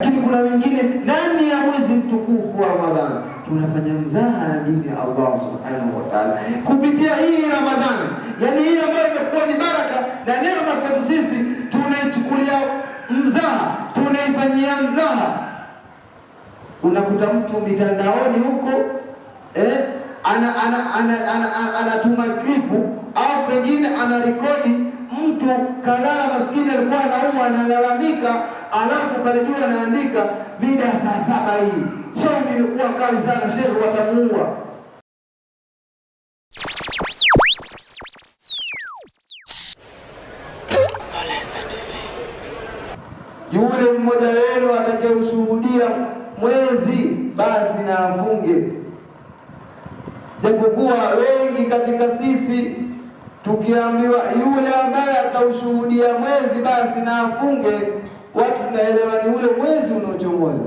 Lakini kuna wengine ndani ya mwezi mtukufu wa Ramadhani tunafanya mzaha na dini ya Allah subhanahu wa ta'ala kupitia hii Ramadhani, yani hii ambayo imekuwa ni baraka na neema kwetu sisi, tunaichukulia mzaha, tunaifanyia mzaha. Unakuta mtu mitandaoni huko eh, anatuma ana, ana, ana, ana, ana, ana klipu au pengine ana rekodi mtu kalala maskini, alikuwa anaumwa analalamika, alafu pale juu anaandika mida ya saa saba hii shauri ilikuwa kali sana, shehe watamuua. Yule mmoja wenu atakayeushuhudia mwezi basi na afunge, japokuwa wengi katika sisi tukiambiwa yule ataushuhudia mwezi basi na afunge, watu tunaelewa ni ule mwezi unaochomoza.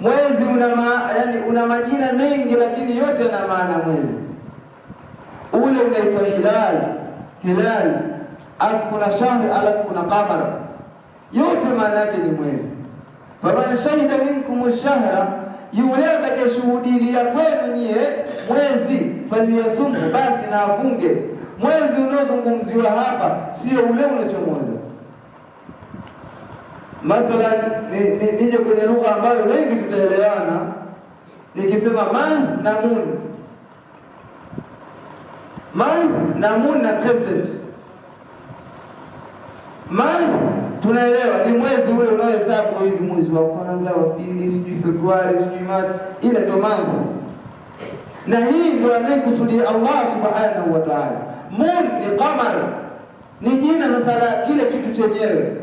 Mwezi una ma, yani una majina mengi, lakini yote yana maana. Mwezi ule unaitwa hilal, hilal, alafu kuna shahri, alafu kuna qamar, yote maana yake ni mwezi. Faman shahida minkum shahra, yule atakayeshuhudia kwenu nyie mwezi, falyasumhu, basi na afunge Mwezi unaozungumziwa hapa sio ule unachomoza. Mathalan, nije kwenye lugha ambayo wengi tutaelewana, nikisema man na mun, Man na mun na crescent. Man tunaelewa ni mwezi ule unaohesabu hivi, mwezi wa kwanza, wa pili, sijui Februari, sijui Machi, ile ndo man, na hii ndio anaikusudia Allah subhanahu wa ta'ala. Moon ni qamari, ni jina sasa la kile kitu chenyewe.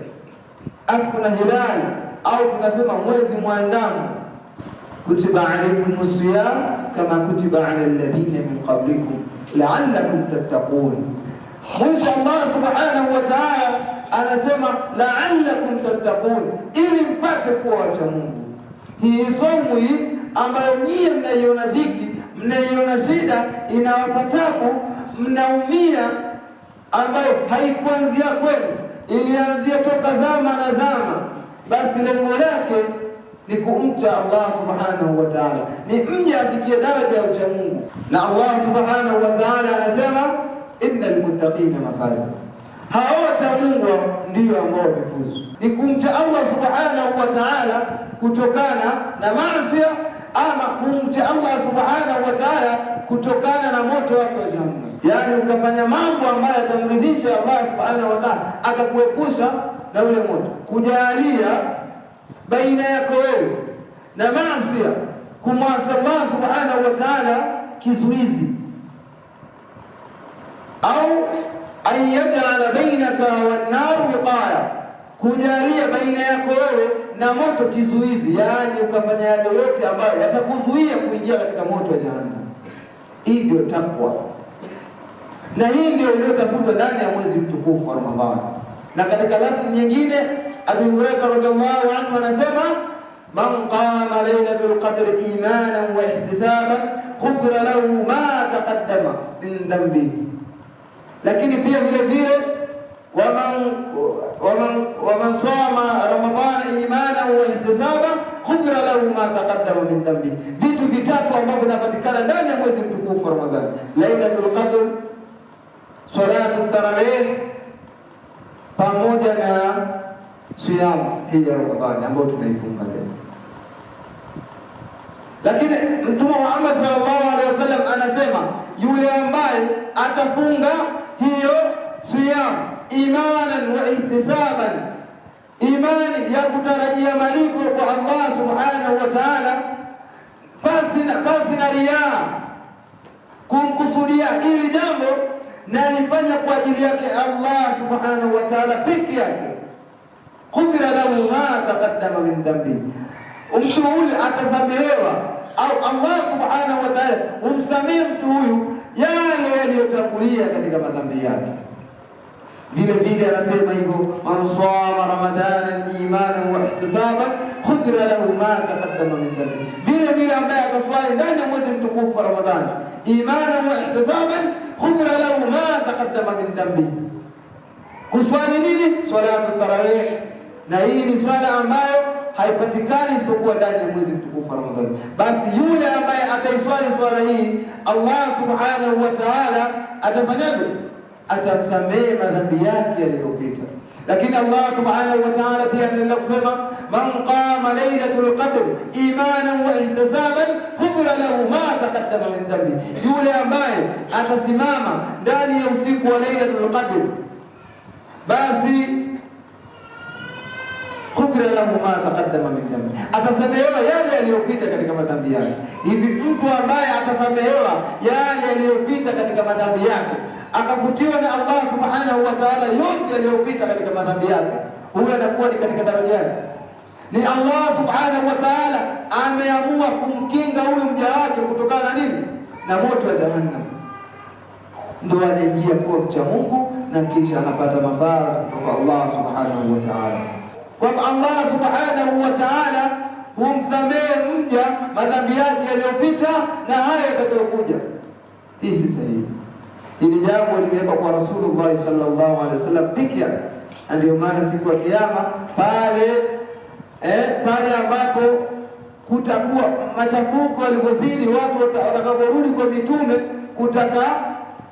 Afu kuna hilali au tunasema mwezi mwandamu Kutiba alaykum siyam kama kutiba ala alladhina min qablikum la'allakum tattaqun. Mwisho Allah subhanahu wa ta'ala anasema la'allakum tattaqun, ili mpate kuwa wacha Mungu. Hii somo hii ambayo nyie mnaiona dhiki, mnaiona shida, inawapa taabu mnaumia ambayo haikuanzia kwenu, ilianzia toka zama na zama, basi lengo lake ni kumcha Allah subhanahu wa ta'ala, ni mje afikie daraja ya ucha Mungu. Na Allah subhanahu wa ta'ala anasema inna muttaqina mafaza, hao wacha Mungu ndio ambao wamefuzu. Ni kumcha Allah subhanahu wa ta'ala kutokana na masia ama kumcha Allah subhanahu wa ta'ala kutokana na moto wake wa jahannam yaani ukafanya mambo ambayo yatamridhisha Allah subhanahu wa ta'ala, akakuepusha na ule moto. Kujalia baina yako wewe na maasi, kumwasi Allah subhanahu wa ta'ala kizuizi, au anyajala bainaka wannaru wiqaya, kujalia baina yako wewe na moto kizuizi, yaani ukafanya yale yote ambayo yatakuzuia kuingia katika moto wa Jahannam. Hivyo takwa na hii ndio iliyotafutwa ndani ya mwezi mtukufu wa Ramadhani. Na katika lafzi nyingine, Abu Hurairah radhiallahu anhu anasema man qama lailatul qadr imanan wa ihtisaban ghufira lahu ma taqaddama min dhanbi. Lakini pia vile vile waman sama ramadhana imanan wa ihtisaban ghufira lahu ma taqaddama min dhanbi, vitu vitatu ambavyo vinapatikana ndani ya mwezi mtukufu wa Ramadhani hii ya Ramadhani ambayo tunaifunga leo. Lakini Mtume Muhammad sallallahu alaihi wasallam anasema yule ambaye atafunga hiyo siyam imanan wa ihtisaban, imani ya kutarajia malipo kwa Allah subhanahu wa ta'ala, pasi na pasi na riaa, kumkusudia hili jambo nalifanya kwa ajili yake Allah subhanahu wa ta'ala peke yake غفر له ما تقدم من dhambi. Mtu huyu atasamehewa au Allah subhanahu wa ta'ala humsamehe mtu huyu yale yaliyotangulia katika madhambi yake. Vile vile anasema hivyo, man sama ramadana imanan wa ihtisaban ghufira lahu ma taqaddama min dhambi. Vile vile ambaye akaswali ndani ya mwezi mtukufu wa Ramadhani imanan wa ihtisaban ghufira lahu ma taqaddama min dhambi. Kuswali nini? Salatu tarawih na hii ni swala ambayo haipatikani isipokuwa ndani ya mwezi mtukufu wa Ramadhani. Basi yule ambaye ataiswali swala hii, Allah subhanahu wa ta'ala atafanyaje? Atamsamehe madhambi yake yaliyopita. Lakini Allah subhanahu wa ta'ala pia anaendelea kusema, man qama lailatul qadr imanan wa ihtisaban ghufira lahu ma taqaddama min dhanbi, yule ambaye atasimama ndani ya usiku wa lailatul qadr basi ghufira lahu ma taqaddama min dhanbi, atasamehewa yale yaliyopita katika madhambi yake. Hivi mtu ambaye atasamehewa yale yaliyopita katika madhambi yake akavutiwa na Allah subhanahu wa ta'ala yote yaliyopita katika madhambi yake, huyo atakuwa ni katika daraja Ni Allah subhanahu wa ta'ala ameamua kumkinga huyu mja wake kutokana na nini? Na moto wa Jahannam. Ndo anaingia kuwa mcha Mungu na kisha anapata mavazi kutoka Allah subhanahu wa ta'ala kwamba Allah subhanahu wa ta'ala humsamehe mja madhambi yake yaliyopita na haya yatakayokuja. Hii si sahihi. Hili jambo limewekwa kwa Rasulullah sallallahu alaihi wasallam peke yake, na ndio maana siku ya Kiyama pale eh, pale ambapo kutakuwa machafuko yalivyozidi, watu watakaporudi kwa mitume kutaka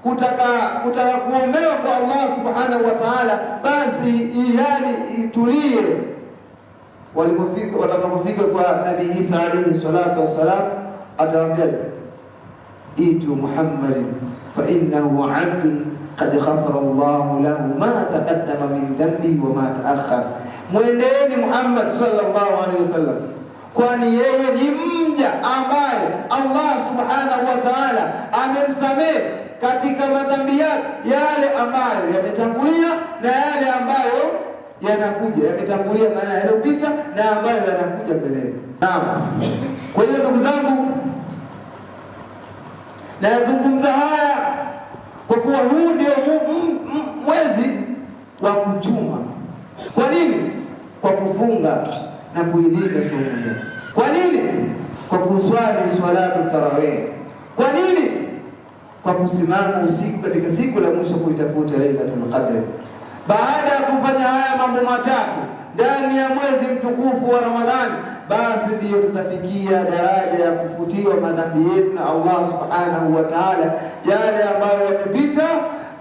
kutaka kutaka kuombewa kwa Allah subhanahu wa ta'ala, basi hali itulie. Walipofika watakapofika kwa nabi Isa alayhi salatu wassalam, atawaambia itu Muhammadin fa innahu abdun qad ghafara Allahu lahu ma taqaddama min dhanbi wa ma ta'akhkhar, mwendeeni Muhammad sallallahu alayhi wasallam kwani yeye ni mja ambaye Allah subhanahu wa ta'ala amemsamehe katika madhambi yake yale ambayo yametangulia na yale ambayo yanakuja, yametangulia maana yaliyopita na ambayo yanakuja mbeleni. Naam, kwa hiyo ndugu zangu, nayazungumza haya kwa kuwa huu ndio mwezi wa kuchuma. Kwa nini? Kwa kufunga na kuilinda saumu yetu. Kwa nini? Kwa kuswali swalatu tarawih. Kwa nini? Kwa kusimama usiku katika siku la mwisho kuitafuta Lailatul Qadr. Baada ya kufanya haya mambo matatu ndani ya mwezi mtukufu wa Ramadhani, basi ndiyo tutafikia daraja ya kufutiwa madhambi yetu na Allah subhanahu wa taala, yale ambayo yamepita.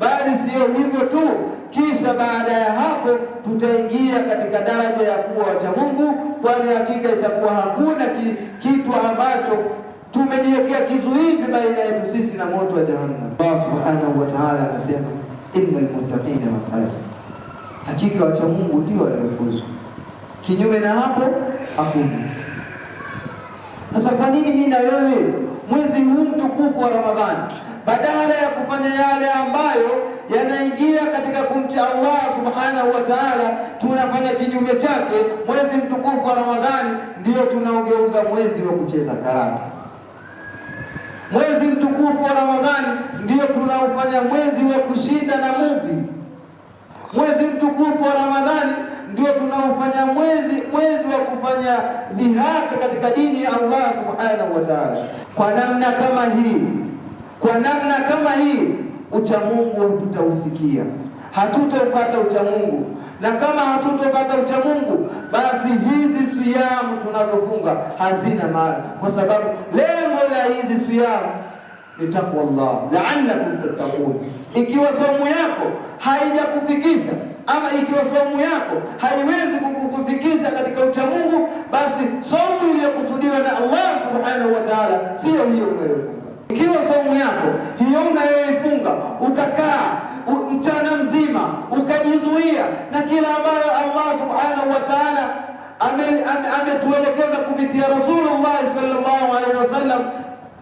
Bali siyo hivyo tu kisha baada ya hapo tutaingia katika daraja ya kuwa mungu kwani hakika itakuwa hakuna ki, kitu ambacho tumejiwekea kizuizi baina yetu sisi na moto wa Jahannam. Allah subhanahu wa ta'ala anasema innal muttaqina mafaza, hakika mungu ndio waliofuzu. Kinyume na hapo hakuna. Sasa kwa nini mimi na wewe mwezi huu mtukufu wa Ramadhani badala ya kufanya yale ambayo yanaingia katika kumcha Allah subhanahu wa taala, tunafanya kinyume chake. Mwezi mtukufu wa Ramadhani ndio tunaogeuza mwezi wa kucheza karata. Mwezi mtukufu wa Ramadhani ndio tunaofanya mwezi wa kushinda na muvi. Mwezi mtukufu wa Ramadhani ndio tunaofanya mwezi mwezi wa kufanya dhihaka katika dini ya Allah subhanahu wa taala. Kwa namna kama hii, kwa namna kama hii uchamungu tutausikia, hatutopata uchamungu na kama hatutopata uchamungu basi hizi siyamu tunazofunga hazina maana, kwa sababu lengo la hizi siyamu ni takwa Allah, la'allakum tattaqun. Ikiwa somu yako haijakufikisha ama ikiwa somu yako haiwezi kukufikisha katika uchamungu, basi somu iliyokusudiwa na Allah subhanahu wa ta'ala siyo hiyo unayofunga. Ikiwa somu yako hiyo unayoifunga ukakaa mchana mzima ukajizuia na kila ambayo Allah subhanahu wa ta'ala ametuelekeza kupitia Rasulullah sallallahu alaihi wasallam,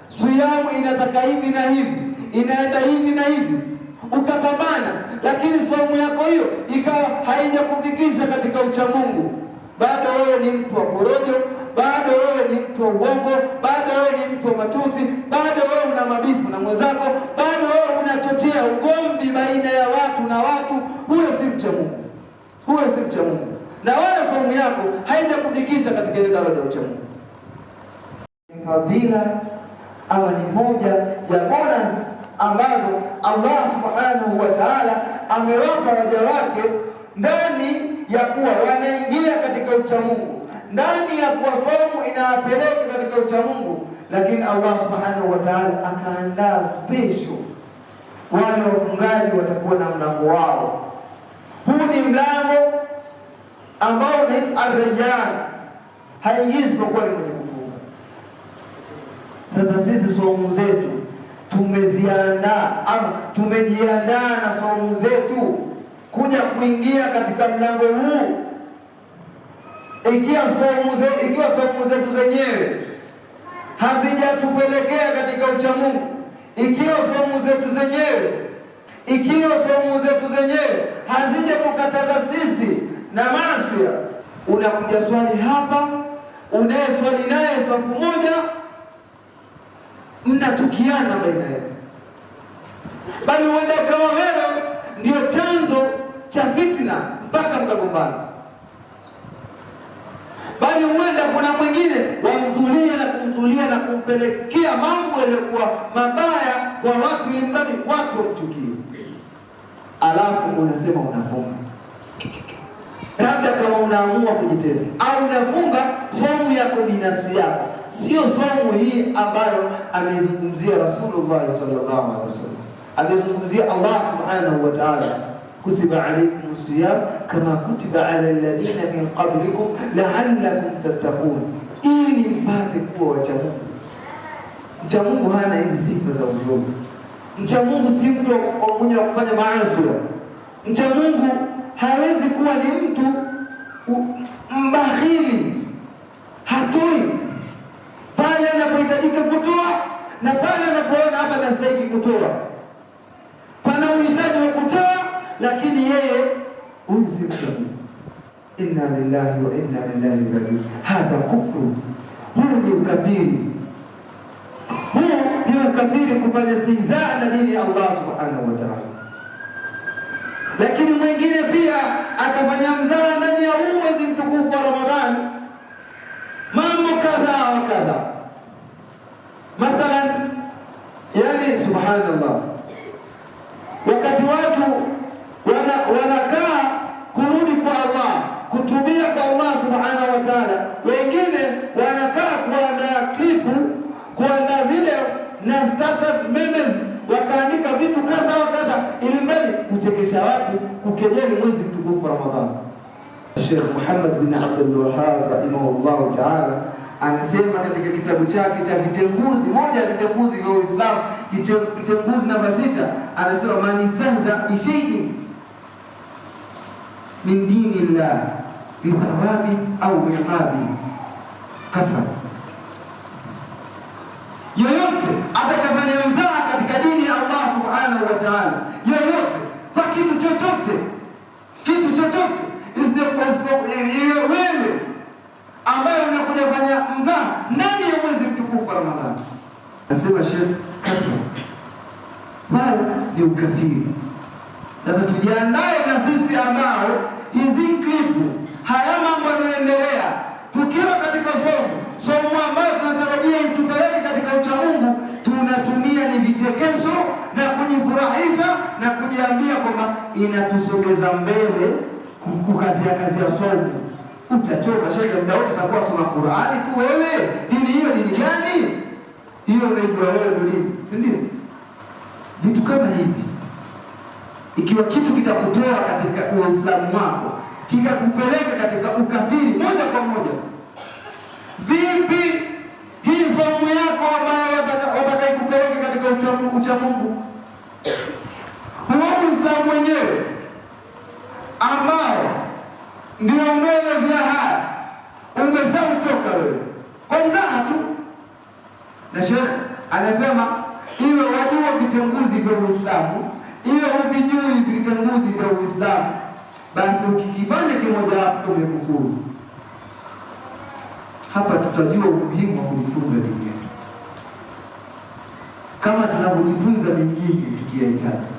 siyamu inataka hivi na hivi, inaenda hivi na hivi, ukapambana, lakini somu yako hiyo ikawa haijakufikisha katika uchamungu, bado wewe ni mtu wa porojo bado wewe ni mtu wa uongo, bado wewe ni mtu wa matusi, bado wewe una mabifu na mwenzako, bado wewe unachochea ugomvi baina ya watu na watu. Huyo si mcha Mungu, huyo si mcha Mungu, na wala somo yako haijakufikisha katika ile daraja ya ucha Mungu. Fadhila ama ni moja ya bonus ambazo Allah subhanahu wa ta'ala amewapa waja wake ndani ya kuwa wanaingia katika ucha Mungu ndani ya kuwafahamu inawapeleka katika uchamungu, lakini Allah subhanahu wa ta'ala akaandaa special wale wafungaji watakuwa na mlango wao. Huu ni mlango ambao ni arrijal, haingizi isipokuwa ni kwenye kufunga. Sasa sisi somu zetu tumeziandaa au tumejiandaa na somu zetu kuja kuingia katika mlango huu ikiwa saumu zetu zenyewe hazijatupelekea katika uchamungu, ikiwa saumu zetu zenyewe ikiwa saumu zetu zenyewe hazijakukataza sisi na mafya, unakuja swali hapa, unaye swali naye safu moja, mnatukiana baina yenu, bali huenda kama wewe ndio chanzo cha fitna mpaka mkagombana bali huenda kuna mwingine wamzulia na kumzulia na kumpelekea mambo yaliyokuwa mabaya kwa watu, ili mradi watu wamchukie, alafu unasema unafunga. Labda kama unaamua kujitesa au unafunga somu yako binafsi yako, sio somu hii ambayo amezungumzia Rasulullah sallallahu alaihi wasallam, amezungumzia Allah subhanahu wa ta'ala kutiba alaykum siyam kama kutiba ala alladhina min qablikum la'allakum tattaqun, ili mpate kuwa wachamungu. Mchamungu hana hizi sifa za mcha Mchamungu si mtu mwenye wa kufanya maasi. Mchamungu hawezi kuwa ni mtu mbahili hatoi pale anapohitajika kutoa na pale anapoona hapa nastahili kutoa, pana uhitaji lakini yeye huyu si mshabii. Inna lillahi wa inna ilaihi rajiun. Hadha kufru, huu ni ukafiri, huu ni ukafiri, kufanya istihzaa na dini ya Allah subhanahu wa ta'ala. Lakini mwingine pia akafanya mzaha ndani ya huu mwezi mtukufu wa Ramadhani, mambo kadha wa kadhaa, mathalan, yani subhanallah, wakati watu wana, wanakaa kurudi kwa Allah, kutumia kwa Allah subhanahu wa ta'ala. Wengine wanakaa kuandaa klipu, kuandaa video na status memes, wakaandika vitu kadha wa kadha, ili mradi kuchekesha watu, kukejeli mwezi mtukufu Ramadhani. Sheikh Muhammad bin Abdul Wahhab rahimahullahu ta'ala anasema katika kitabu chake cha vitenguzi, moja ya vitenguzi vya Uislamu, kitenguzi namba sita, anasema man istahza bi min dini llah bithawabi au iqabi kafa, yoyote atakafanya mzaha katika dini ya Allah subhanahu wa ta'ala, yoyote kwa kitu chochote, kitu chochote isiyo wewe ambayo unakuja kufanya mzaha ndani ya mwezi mtukufu wa Ramadhani, nasema Sheikh, kafa bali ni ukafiri sasa tujiandae na sisi ambao hizi klipu, haya mambo yanayoendelea, tukiwa katika somo somo ambayo tunatarajia itupeleke katika ucha mungu tunatumia ni vichekesho na kujifurahisha na kujiambia kwamba inatusogeza mbele kukazia kazi ya somo. Utachoka shekhe, muda wote utakuwa soma Qur'ani tu wewe. Dini hiyo dini gani hiyo? Unaijua wewe dini, si ndio? Vitu kama hivi ikiwa kitu kitakutoa katika Uislamu wako kikakupeleka katika ukafiri moja kwa moja, vipi hii somu yako ambayo watakaikupeleka katika ucha Mungu? Huo Uislamu wenyewe ambao ndio za haya, umeshautoka wewe kwa mzaha tu, na Sheikh anasema iwe wajua vitenguzi vya Uislamu iwe huvijui vitanguzi vya Uislamu, basi ukikifanya kimoja hapo umekufuru. Hapa tutajua umuhimu wa kujifunza dini yetu kama tunavyojifunza mingine tukiyahitaji.